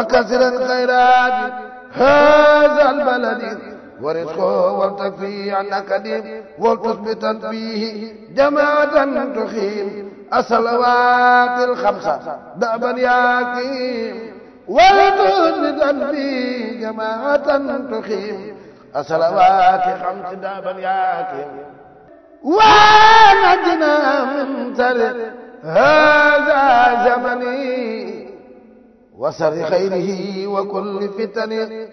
وكثر الخيرات هذا البلد ورزقه والتكفي عن أكديم ولتثبت فيه جماعة تخيم الصلوات الخمسة دأبا ياكيم ولتثبت فيه جماعة تخيم الصلوات خمس دأبا ياكيم ونجنا من سر هذا زمني wa sharri xayrihi wa kulli fitani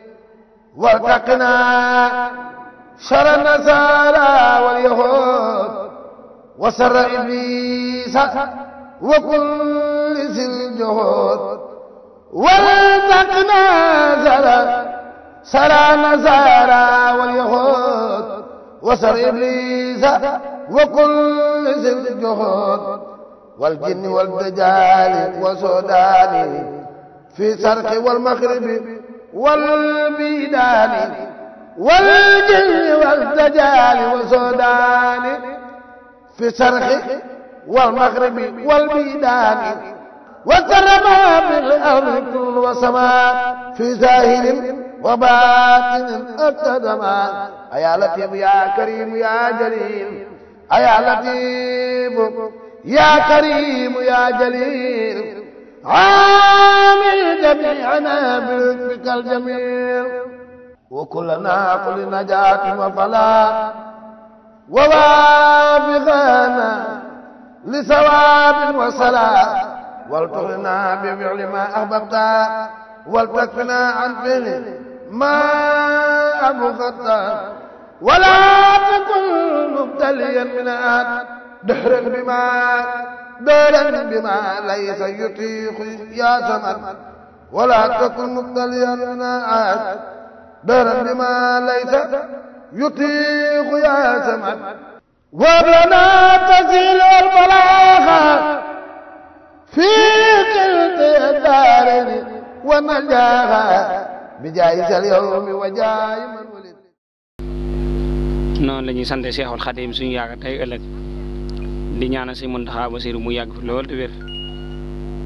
wartaqinaa shara nasaara wal yahuud wa sharra ibliisa wa kulli zil juhuud wartaqinaa shara shara nasaara wal yahuud wa sharra ibliisa wa kulli zil juhuud wal jinni wal dajaali wa soodaani في سرق والمغرب والبيدان والجن والدجال والسودان في سرق والمغرب والبيدان وكرما بالأرض وسماء في ظاهر وباطن أقدما أيا لطيف يا كريم يا جليل أيا لطيف يا كريم يا جليل عامل جميعنا برزقك الجميل وكلنا كل نجاة وفلاح ووافقنا لثواب وصلاح والتغنا بفعل ما أحببت والتكفنا عن فعل ما أبغضت ولا تكن مبتليا من أحد دحرا بما دارا بما ليس يطيق يا سمد ولا تكن مبتليا ناعات دارا بما ليس يطيق يا سمد ورنا تزيل البلاغة في كلتا الدارين ونجاها بجايز اليوم وجاي من ولد noonu la ñuy sant Seexul Xadiim suñu yaakaar tey ëllëg di ñaanal sëñ Muntaxa Basiru mu yàgg fi loolu te wér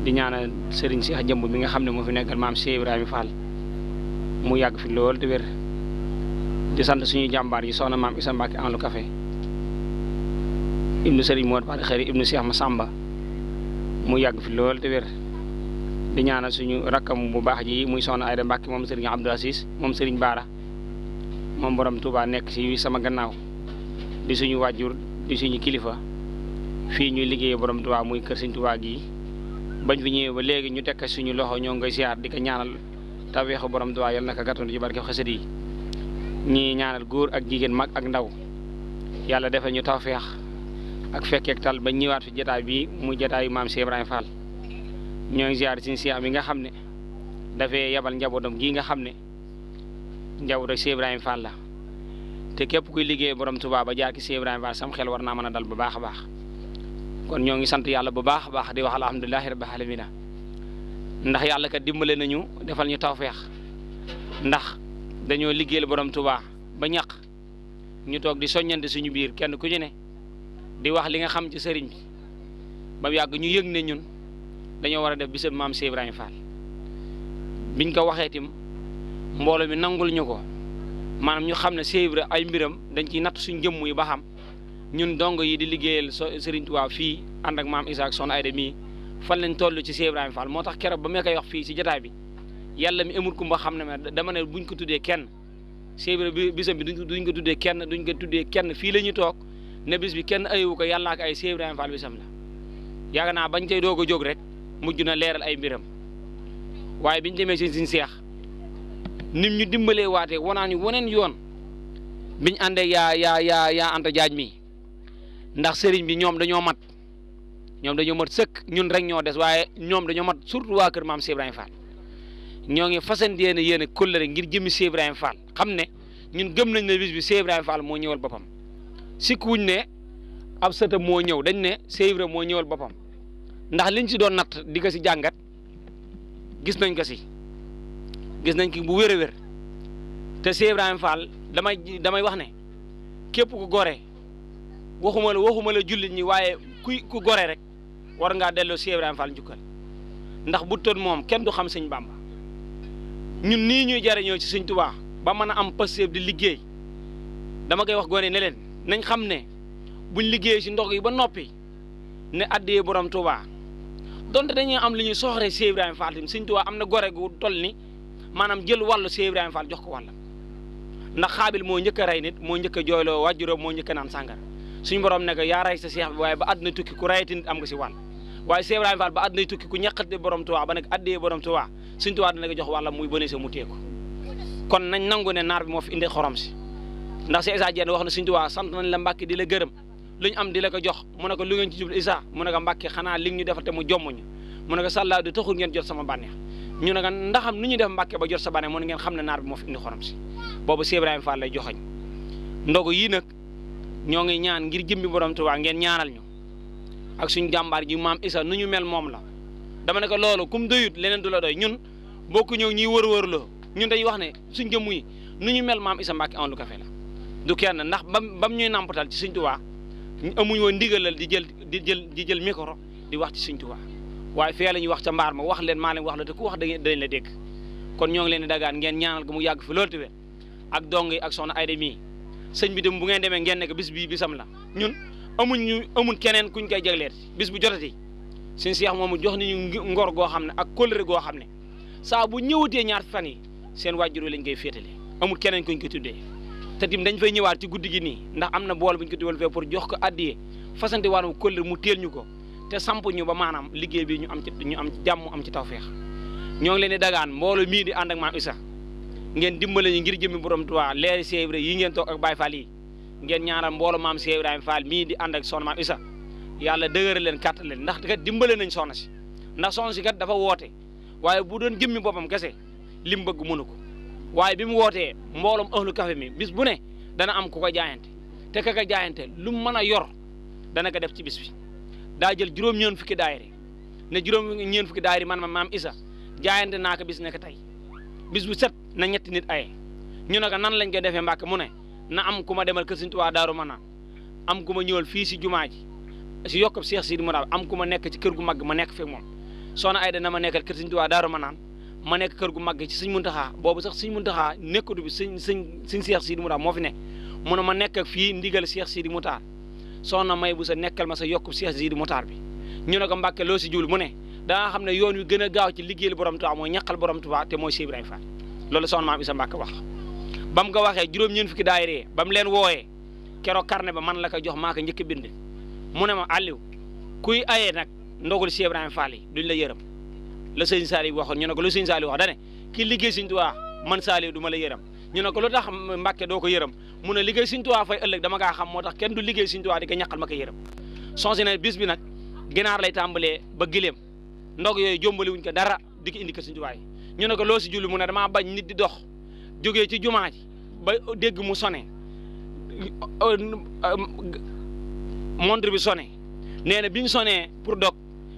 di ñaanal sëriñ Seex Jëmb mi nga xam ne moo fi nekkal maam Cheikh Ibrahima Fall mu yàgg fi lool te wér di sant suñuy jàmbaar yi soxna maam Isa en lu café ibnu sëriñ Moor Paate Xëri ibnu Seex Masamba mu yàgg fi loolu te wér suñu rakkam bu baax ji muy soxna Ayda Mbàkke moom sëriñ Abdou Aziz moom sëriñ Baara moom borom Touba nekk ci sama gannaaw di suñu wàjjur di suñu kilifa fii ñuy liggéeyee borom Tuubaa muy kër Sëñ tubaa gi bañ fi ñëwee ba léegi ñu tekk suñu loxo ñoo ngi koy siyaar di ko ñaanal tawfeexu borom Tuubaa yal na ko gàttandu ci barke xasida yi ñii ñaanal góor ak jigéen mag ak ndaw yàlla defal ñu tawfeex ak fekkeek ba ñëwaat fi jotaay bii mu jotaayu maam Cheikh Ibrahima ñoo ngi siyaar suñu siyaam yi nga xam ne dafay yabal njabootam gii nga xam ne njaboot ak Cheikh Ibrahima la te képp kuy liggéey borom Tuubaa ba jaar ci Cheikh Ibrahima sam xel war naa mën a dal bu baax a baax. kon ñoo ngi sant yàlla bu baax baax di wax alhamdulilahi rabbil alamina ndax yàlla kat dimbale nañu defal ñu tawfeex ndax dañoo liggéeyal borom tubaa ba ñax ñu toog di soññante suñu biir kenn ku ci ne di wax li nga xam ci sëriñ bi ba yàgg ñu yëg ne ñun dañoo war a def bisab maam Cheikh Ibrahima biñ ko waxee tim mbooloo mi nangul ñu ko maanaam ñu xam ne Cheikh ay mbiram dañ ci natt suñ jëmm yi ba xam ñun dong yi di liggéeyal Serigne Touba fii ànd ak maam Isaac son Aida mii fan lañ toll ci Cheikh Ibrahima Fall moo tax keroog ba ma koy wax fii si jataay bi yàlla mi amul kumba xam ne ma dama ne buñ ko tuddee kenn Cheikh Ibrahima bisam bi duñ ko tuddee kenn duñ ko tuddee kenn fii la ñuy toog ne bis bi kenn ayewu ko yàlla ak ay Cheikh Ibrahima Fall bisam la yaakaar naa bañ tey doog a jóg rek mujj na leeral ay mbiram waaye biñ demee si suñu seex nim ñu dimbalee waatee wanaa ñu waneen yoon biñ àndee yaa yaa yaa yaa Anta Jaaj mi ndax sëriñ bi ñoom dañoo mat ñoom dañoo mat sëkk ñun rek ñoo des waaye ñoom dañoo mat surtout waa kër maam Cheikh Ibrahima ñoo ngi fasandee ne yéen a kóllëre ngir jëmi Cheikh Ibrahima xam ne ñun gëm nañ ne bis bi Cheikh Ibrahima moo ñëwal boppam sikkuwuñ ne ab sëtam moo ñëw dañ ne Cheikh moo ñëwal boppam ndax liñ si doon natt di ko si jàngat gis nañ ko si gis nañ ki bu wér wér te Cheikh Ibrahima Fall damay damay wax ne képp ku gore waxuma la waxuma la jullit ñi waaye kuy ku gore rek war ngaa delloo si Ibrahima Fall njukkal ndax bu toon moom kenn du xam sëñ Bàmba ñun nii ñuy jariñoo ci sëñ Tuubaa ba mën a am pastéef di liggéey dama koy wax gone ne nañ xam ne buñ liggéey si ndox yi ba noppi ne addiyee borom Tuubaa donte dañuy am li ñuy soxre si Ibrahima Fall tamit am na gore gu tol ni maanaam jël wàllu si Ibrahima jox ko wàllam ndax xaabil moo njëkk rey nit moo njëkk a jooyloo wàjjuróom moo njëkk sàngara suñu borom ne ko yaa ray sa seex bi waaye ba àdduna tukki ku rayati nit am nga si wàll waaye Cheikh Ibrahima Fall ba àdduna tukki ku ñaqate borom Tuubaa ba nag addee borom Tuubaa suñ Tuubaa dana ko jox wàlla muy bëne mu teeku kon nañ nangu ne naar bi moo fi indi xorom si ndax si Issa Diène wax na suñ Tuubaa sant nañ la Mbàkke di la gërëm lu ñu am di la ko jox mu ne ko lu ngeen ci jublu Issa mu ne ko xanaa li ñu defal te mu jommuñu mu ne ko sàllaa du taxul ngeen jot sama bànneex ñu ne ko ndaxam nu ñuy def Mbàkke ba jot sa bànneex mu ne ngeen ne naar bi moo fi indi xorom si boobu Cheikh Ibrahima Fall lay joxoñ ndogu yii nag ñoo ngi ñaan ngir jëmbi borom Tuubaa ngeen ñaanal ñu ak suñ jàmbaar ji maam Isa nu ñu mel moom la dama ne ko loolu kum doyut leneen du la doy ñun bokku ñëw ñuy wër-wër la ñun dañuy wax ne suñ jëmm yi nu ñu mel maam Isa Mbàkke Ahmadou Café la du kenn ndax bam bam ñuy nàmpatal ci suñ Tuubaa amuñ woon ndigalal di jël di jël di jël micro di wax ci suñ Tuubaa waaye fee la ñuy wax ca mbaar ma wax leen maa leen wax la te ku wax dañ la dégg kon ñoo leen di dagaan ngeen ñaanal ko mu yàgg fi lool te ak dong ak soxna Ayda mii sëñ bi dem bu ngeen demee ngeen ne bis bii bisam la ñun amuñ ñu amuñ keneen kuñ koy jagleet bis bu jotati sëñ Cheikh moomu jox nañu ngor goo xam ne ak kóllëre goo xam ne saa bu ñëwatee ñaar fan yi seen waajur lañ koy féetale amul keneen kuñ ko tuddee te tim dañ fay ñëwaat ci guddi gi nii ndax am na bool buñ ko tuwal fee pour jox ko addiyee fasante waan kóllëre mu teel ñu ko te samp ñu ba maanaam liggéey bi ñu am ci ñu am jàmm am ci tawfeex ñoo ngi leen di dagaan mbooloo mii di ànd ak maam Isa ngeen dimbale ñu ngir jëmmi borom Tuubaa leeri Cheikh yi ngeen toog ak Baye Fall yi ngeen ñaanal mbooloo maam Cheikh Ibrahima Fall mii di ànd ak soxna maam Isa yàlla dëgëral leen kàttal leen ndax kat dimbale nañ soxna si ndax soxna si kat dafa woote waaye bu doon jëmmi boppam kese lim bëgg mënu ko waaye bi mu wootee mbooloom ahlu kafe mi bis bu ne dana am ku ko jaayante te ka ka jaayante lu mu mën a yor dana ko def ci bis bi daa jël juróom-ñeen fukki daayiri ne juróom-ñeen fukki daayiri man ma maam Isa jaayante naa ko bis nekk tey bis set na ñetti nit ay ñu ne nan lañ koy defee mbàkk mu ne na am ku ma demal kër Sëriñ Tuubaa Daaru Manaan am ku ma ñëwal fii si jumaa ji si yokkub Seex Sidi mu daal am ku ma nekk ci kër gu mag ma nekk fekk moom soxna Ayda na ma nekkal kër Sëriñ Tuubaa Daaru Manaan ma nekk kër gu mag ci Sëriñ Muntaxaa boobu sax Sëriñ Muntaxaa nekkatu bi sëñ sëñ sëñ si Sidi mu daal moo fi ne mu ne ma nekk fii ndigal Seex Sidi mu taal soxna may bu sa nekkal ma sa yokkub Seex si mu taal bi ñu ne ko loo si jiwul mu ne danga xam ne yoon wi gën a gaaw ci liggéeyal borom Tuubaa mooy ñaqal borom Tuubaa te mooy Cheikh Ibrahima Fall loolu soxna maam Isa Mbàkke wax ba mu ko waxee juróom-ñeent fukki daayira ba bam leen wooyee keroog karne ba man la ko jox maa ko njëkk bind mu ne ma Aliou kuy ayee nag ndogul Cheikh Ibrahima Fall yi duñ la yërëm la sëñ Saliou waxoon ñu ne ko lu sëñ Saliou wax dane ki liggéey sëñ Tuubaa man Saliou du ma la yërëm ñu ne ko lu tax Mbàkke doo ko yërëm mu ne liggéey sëñ Tuubaa fay ëllëg dama kaa xam moo tax kenn du liggéey sëñ Tuubaa di ko ñaqal ma ko yërëm sons na bis bi nag ginaar lay tàmbalee ba gileem ndog yooyu jombali wuñ ko dara dikk indi kër Sëñ Tuubaa ñu ne ko loo si julli mu ne damaa bañ nit di dox jógee ci jumaa ji ba dégg mu sone montre bi sone nee na bi ñu sonee pour dog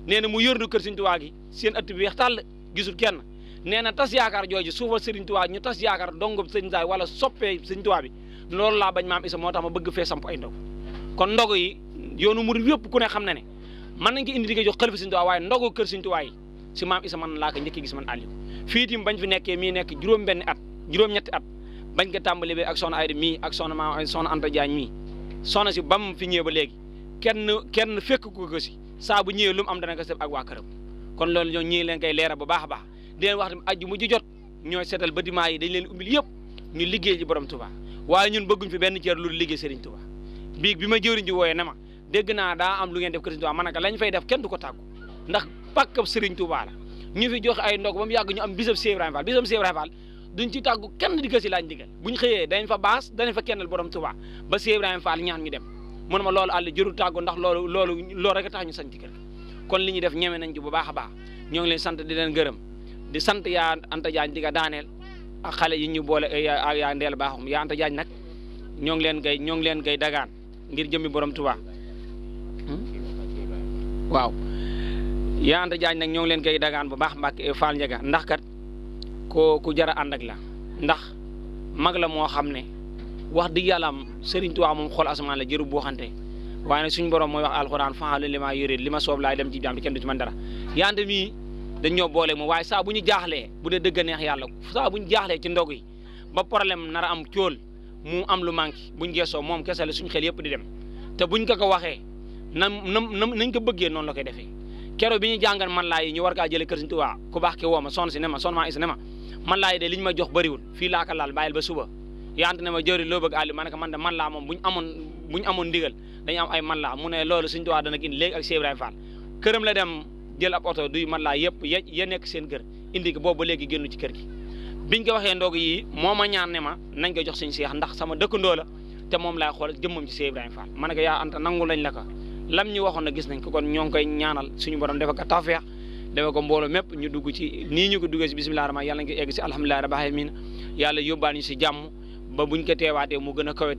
nee na mu yërndu kër Sëñ Tuubaa gi seen ëtt bi weex tàll gisul kenn nee na tas yaakaar jooju suufal Sëriñ Tuubaa ñu tas yaakaar dongub Sëñ Tuubaa wala soppee Sëñ Tuubaa bi loolu laa bañ maam isa moo tax ma bëgg fee samp ay ndog kon ndog yi yoonu murid yëpp ku ne xam na ne mën nañ ko indi di ko jox xalifa Sëriñ Tuubaa waaye ndogu kër Sëriñ Tuubaa yi si maam isa man laa ko njëkk gis man Aliou fii tim bañ fi nekkee mii nekk juróom-benn at juróom-ñetti at bañ ko tàmbali ba ak soxna Ayda mii ak soxna maam soxna Anta Diagne mii soxna si bam fi ñëwee ba léegi kenn kenn fekk ko ko si saa bu ñëwee lu mu am dana ko sëb ak waa këram kon loolu ñoo ñii leen koy leeral bu baax a baax di leen wax tamit aju mu ji jot ñooy seetal bâtiment yi dañ leen umbil yëpp ñu liggéey ji borom Touba waaye ñun bëgguñ fi benn cër lu liggéey Serigne Touba biig bi ma jëwriñ ji wooyee ne dégg naa daa am lu ngeen def kër Sëriñ Tuubaa ma lañ fay def kenn du ko tàggu ndax pàkkab Sëriñ Tuubaa la ñu fi joxe ay ndog ba mu yàgg ñu am bisab Cheikh Ibrahima Fall bisab Cheikh Ibrahima Fall duñ ci tàggu kenn di ko si laaj ndigal buñ xëyee dañ fa baas dañ fa kennal borom Tuubaa ba Cheikh Ibrahima Fall ñaan ñu dem mu ne ma loolu àll jëru tàggu ndax lool loolu loolu rek a tax ñu sant kër kon li ñuy def ñeme nañ ci bu baax a baax ñoo ngi leen sant di leen gërëm di sant yaa Anta jaañ di nga daaneel ak xale yi ñu boole ak eh, yaa ndeel baaxum yaa Anta nag ñoo ngi leen koy ñoo ngi leen koy dagaan ngir jëmmi borom Tuubaa waaw yaanta jaañ nag ñoo leen koy dagaan bu baax Mbàkke Faal Njaga ndax kat ko ku jar a ànd la ndax mag la moo xam ne wax dëgg yàlla am Sëriñ Tuubaa moom xool asamaan la jër boo xante waaye nag suñu borom mooy wax alxuraan faxalu li ma yore li ma soob laay dem ci jaam di kenn du ci man dara yaante mii dañ ñoo boole moom waaye saa bu ñu jaaxlee bu dee dëgg neex yàlla saa bu ñu jaaxlee ci ndog yi ba problème nar am cóol mu am lu manqué buñ geesoo moom kese la suñ xel yëpp di dem te buñ ko ko waxee na na nañ ko bëggee noonu la koy defee kero bi ñu jàngal man laa ñu war kaa jëlee kër Sëriñ ku baax ki woo ma son si ne ma son maa is ne ma man laa de li ñu ma jox bëriwul fii laa ko laal bàyyil ba suba yaante ne ma jëri loo bëgg àlli ma ne ko man de man laa moom bu ñu amoon bu ñu amoon ndigal dañu am ay man laa mu ne loolu Sëriñ dana indi léegi ak Cheikh Ibrahima Fall la dem jël ab oto duy man laa yëpp ya ya nekk seen kër indi ko boobu ba léegi génnu ci kër gi biñ ko waxee ndoog yi moo ma ñaan ne ma nañ ko jox Sëriñ Seex ndax sama dëkkandoo la te moom laay xool jëmmam ci Cheikh ma ne ko yaa anta nangu lañ ko lam ñu waxoon na gis nañ ko kon ñoo ñaanal suñu borom dafa ko tawfeex dafa ko mbooloo mépp ñu dugg ci nii ñu ko duggee si bisimilah rahmaan yàlla nga egg si alhamdulilah rabbil alamin yàlla yóbbaan ñu si jàmm ba buñ ko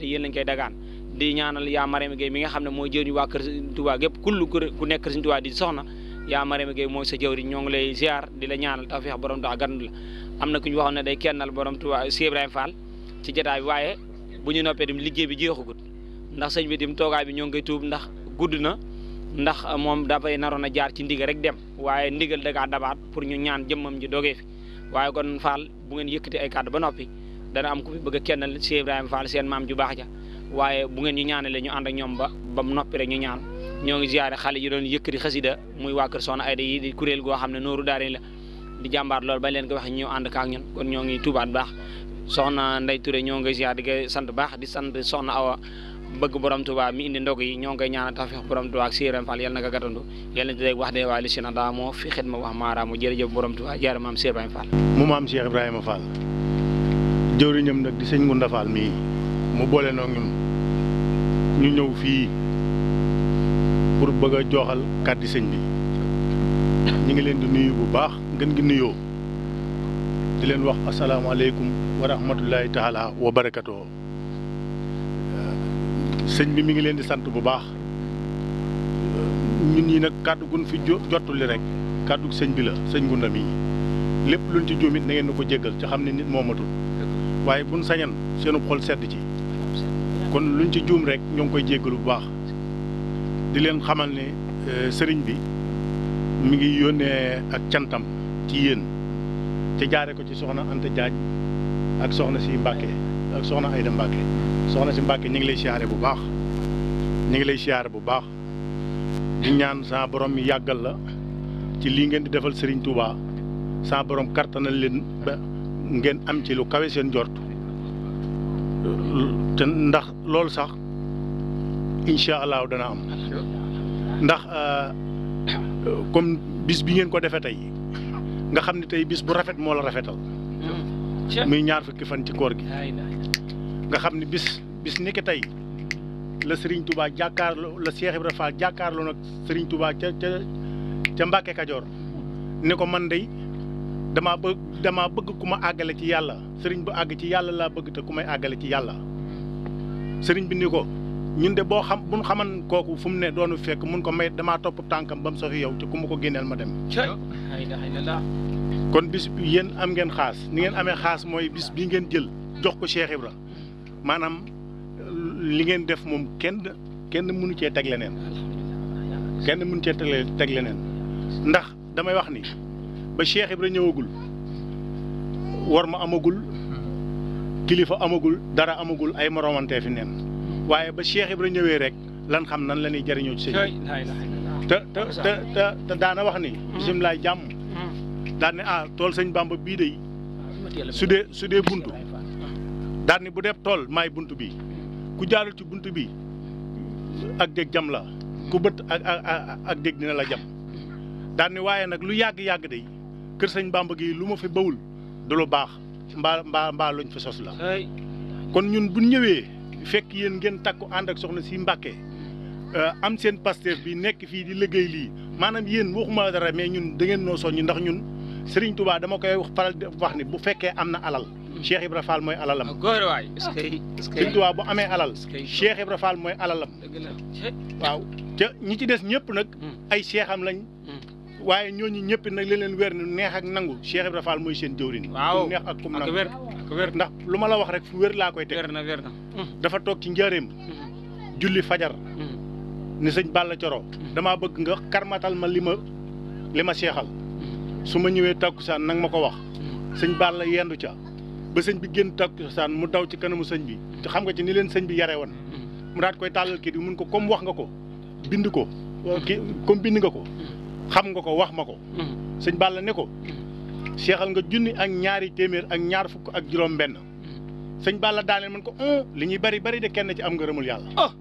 di ñaanal yaa Mariama Gueye xam ne mooy jëriñu waa kër Sëriñ ku nekk Sëriñ Tuubaa di soxna yaa Mariama Gueye mooy sa jëwriñ ñoo ngi di la ñaanal tawfeex borom dox gandu la am na ku ñu waxoon ne day kennal borom Tuubaa si Ibrahima ci jotaay waaye bu ñu noppee dim liggéey bi jeexagut ndax sëñ bi dim toogaay bi ñoo gudd na ndax ah, moom dafay naroon a jaar ci ndigal rek dem waaye ndigal da ngaa dabaat pour ñu ñaan jëmmam ji dogee fi waaye kon Fall bu ngeen yëkkati ay kàddu ba noppi dana am ku fi bëgg a kennal Cheikh Ibrahima Fall seen maam ju baax ja waaye bu ngeen ñu ñaanalee ñu ànd ak ñoom ba ba mu noppi rek ñu ñaan ñoo ngi ziare xale yi doon yëkkati xasida muy waa Soxna Ayda yi di goo xam ne nooru daari la di jàmbaar loolu ba leen ko waxee ñu ànd kaak ñun kon ñoo ngi tubaat baax soxna Ndey Touré ñoo ngi ziare di bëgg borom Tuubaa mi indi ndog yi ñoo ngi koy ñaanal tawfeex borom Tuubaa ak séeréem Fall yal na ko gàttandu yal na dégg wax dee waaye li na daa moo fi xit ma wax maaraamu jërëjëf mu maam Cheikh Ibrahima Fall jëwriñam nag di sëñ Ngunda Fall mii mu boole noo ñu ñëw fii pour bëgg a jooxal kàddi sëñ bi ñu ngi leen di nuyu bu baax ngeen gi nuyoo di leen wax asalaamaaleykum wa rahmatullahi taala wa barakatuh sëñ bi mu ngi leen di sant bu baax ñun ñi nag kàddu gun fi jottuli rek kàddu sëñ bi la sëñ gunda mi lépp luñ ci juumit na ngeen nu ko jéggal ci xam ne nit moomatul waaye buñ sañan seenub xol sedd ci kon luñ ci juum rek ñoo ngi koy jéggal bu baax di leen xamal ne e, sëriñ bi mi ngi yónnee ak cantam ci yéen te jaare ko ci soxna Anta jaaj ak soxna si Mbàkke ak soxna Aida Mbacke soxna si Mbacke ñu ngi lay siyaare bu baax ñu ngi lay siyaare bu baax di ñaan saa borom mi yàggal la ci lii ngeen di defal Serigne Touba sa borom na leen ba ngeen am ci lu kawe seen jort te ndax loolu sax incha allah dana am ndax euh, comme bis bi ngeen ko defee tey nga xam ne tey bis bu rafet moo la rafetal. muy ñaar fukki fan ci koor gi nga xam ne bis bis ni ki tey la sëriñ tubaa jàkkaarloo la Cheikh Ibrahima Fall jàkkaarloo nag Serigne Touba ca ca Kajoor ne ko man day damaa bëgg damaa bëgg ku ma àggale ci yàlla sëriñ bu àgg ci yàlla laa bëgg ku may àggale ci yàlla sëriñ bi ni ko ñun de boo xam bu xaman kooku fu mu ne doonu fekk mun ko may damaa topp tànkam bam mu yow te ku ma ko génneel ma dem. kon bis yéen am ngeen xaas ni ngeen amee xaas mooy bis bi ngeen jël jox ko Cheikh Ibra maanaam li ngeen def moom kenn kenn mënu cee teg leneen kenn mënu cee teg leneen ndax damay wax ni ba Cheikh Ibra ñëwagul war ma amagul kilifa amagul dara amagul ay moromantee fi neen waaye ba Cheikh Ibra ñëwee rek lan xam nan la ñuy jëriñoo ci sëñ te te te te daana wax ni mm-hmm. bisimilah jàmm daan ne ah, tool sëñ Bamba bii de su dee su dee bunt daan bu dee tool may bunt bi ku jaarul ci bunt bi ak dégg jam la ku bët ak ak dégg dina la jam daan waaye nag lu yàgg yàgg de kër sëñ Bamba gi lu ma fi bawul du lu baax mbaa mbaa mbaa luñ fi sos la kon ñun bu ñëwee fekk yéen ngeen takku ànd ak soxna si Mbàkke Euh, am seen pasteur bi nekk fii di liggéey lii maanaam yéen waxuma dara mais ñun dangeen ngeen noo soññ ndax ñun Serigne Touba dama koy wax faral di wax ni bu fekkee am na alal. Cheikh Ibra Fall mooy alalam. Ah, góor waay Serigne Touba bu amee alal. Cheikh Ibra Fall mooy alalam. waaw ca ñi ci des ñëpp nag. Hmm. ay seexam lañ. Hmm. waaye ñooñu ñëpp nag li leen weer nu neex ak nangu Cheikh Ibra mooy seen jëwriñ. waaw neex ak kum nangu wér ndax lu ma la wax rek fu wér laa koy teg. na wér na. Hmm. dafa toog ci njaareem. julli fajar. ni sëñ Balla Coro damaa bëgg nga karmatal ma li ma li ma seexal su ma ñëwee tàkkusaan nag ma ko wax sëñ Balla yendu ca ba sëñ bi génn tàkkusaan mu daw ci kanamu sëñ bi xam nga ci ni leen sëñ bi yare woon mu daat koy tàllal kii bi mun ko comme wax nga ko bind ko kii comme bind nga ko xam nga ko wax ma ko sëñ Balla ne ko seexal nga junni ak ñaari téeméer ak ñaar fukk ak juróom benn sëñ Balla daaneel man ko li ñuy bari bari de kenn ci am nga rëmul yàlla oh.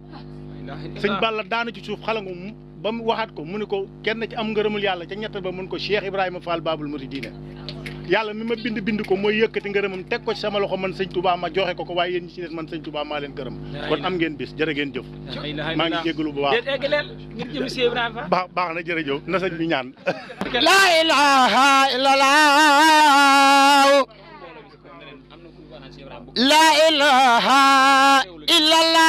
sëñ Balla daanu ci suuf xalangu ba mu waxaat ko mu ne ko kenn ci am ngërëmul yàlla ca ñett ba mun ko Cheikh Ibrahima Fall Babul Mouridina yàlla mi ma bind bind ko mooy yëkkati ngërëmam teg ko ci sama loxo man sëñ Touba ma joxe ko ko waaye yéen ñi ci des man sëñ Touba maa leen gërëm kon am ngeen bis jërë ngeen jëf maa ngi jégalu bu baax baax na jërëjëf na sëñ bi ñaan la ilaha illallah laa ilaha illallah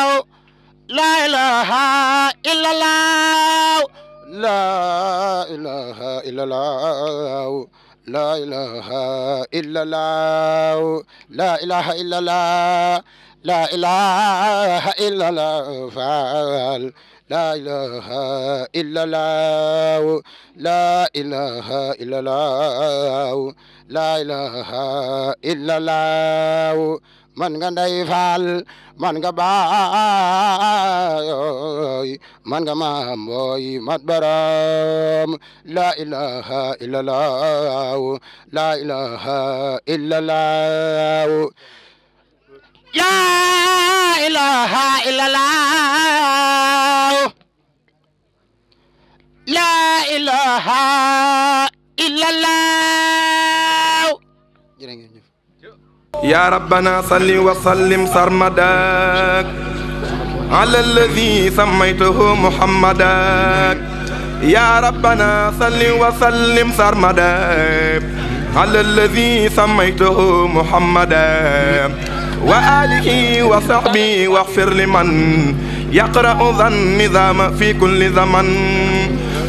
la ilaha illallah la ilaha illallah la ilaha illallah la ilaha illallah la ilaha illallah faal لا إله إلا الله لا إله إلا الله لا إله إلا الله man nga nday faal man nga baayoy man nga maamboy mat baram la ilaha illallah la ilaha illallah la ilaha illallah la ilaha illallah يا ربنا صل وسلم سرمدك على الذي سميته محمدك يا ربنا صل وسلم سرمدك على الذي سميته محمدا وآله وصحبه واغفر لمن يقرأ ذا النظام في كل زمن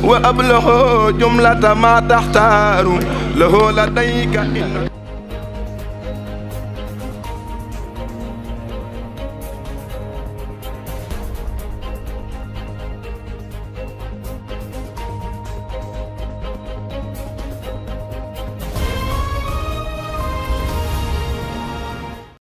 وأبلغ جملة ما تحتار له لديك إنك